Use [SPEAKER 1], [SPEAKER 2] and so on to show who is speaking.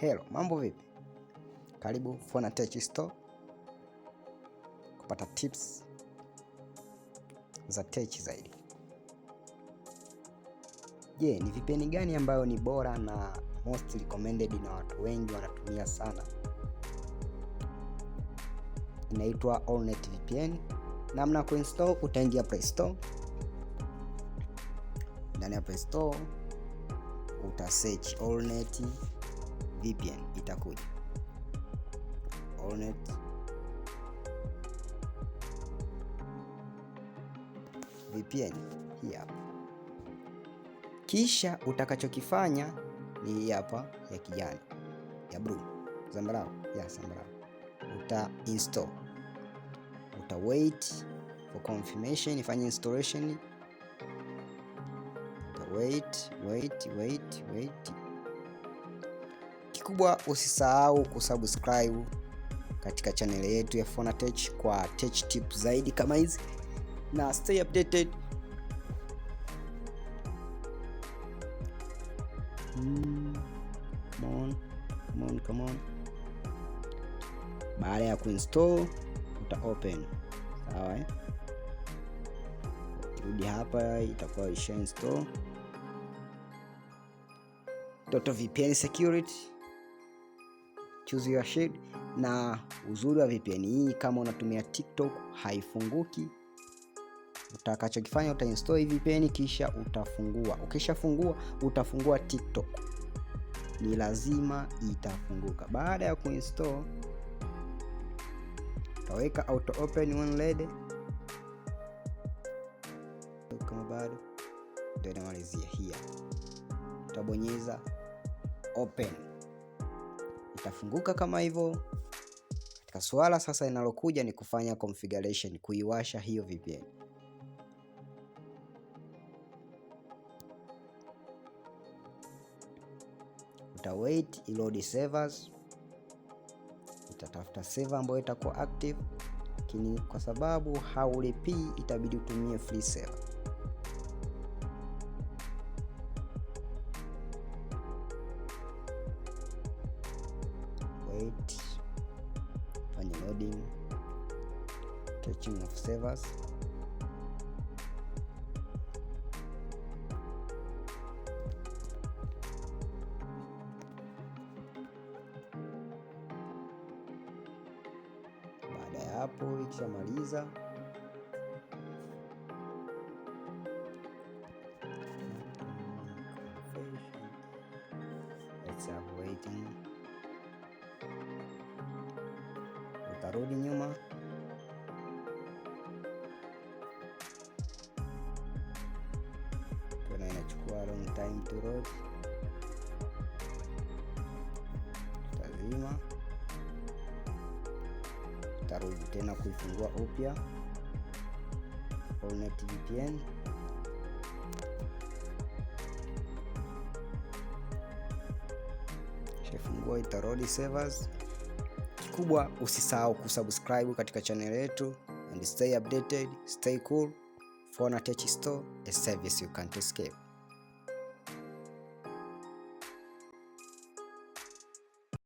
[SPEAKER 1] Hello, mambo vipi? Karibu Fonatech Store kupata tips za tech zaidi. Je, ni VPN gani ambayo ni bora na most recommended na watu wengi wanatumia sana? Inaitwa Allnet VPN. Namna ya kuinstall, utaingia Play Store. Ndani ya Play Store uta search Allnet VPN itakuja. Allnet VPN hii hapa. Kisha utakachokifanya ni hii hapa ya kijani ya blue zambarau ya zambarau, uta install, uta wait for confirmation, ifanye installation, uta wait wait wait wait kikubwa usisahau kusubscribe katika channel yetu ya Fonatech kwa tech tip zaidi kama hizi na stay updated mm, come on, come on, come on. Baada ya kuinstall uta open sawa, eh? Rudi hapa itakuwa isha install Toto VPN security choose your shade. Na uzuri wa VPN hii, kama unatumia TikTok haifunguki. Utakachokifanya, utainstall VPN kisha utafungua. Ukishafungua utafungua TikTok, ni lazima itafunguka. Baada ya kuinstall, utaweka auto open one led kama bado, ndio namalizia hii, utabonyeza open itafunguka kama hivyo. Katika suala sasa linalokuja ni kufanya configuration, kuiwasha hiyo VPN. Uta wait load servers, utatafuta server ambayo itakuwa active, lakini kwa sababu haulipii itabidi utumie free server. wait, fanya loading, touching of servers. Baada ya hapo ikishamaliza waiting tutarudi nyuma tena, inachukua long time to load. Tutazima, tutarudi tena kuifungua upya Allnet VPN. Shafungua itarodi servers kubwa usisahau kusubscribe katika channel yetu and stay updated, stay cool. Phone Tech Store, a service you can't escape.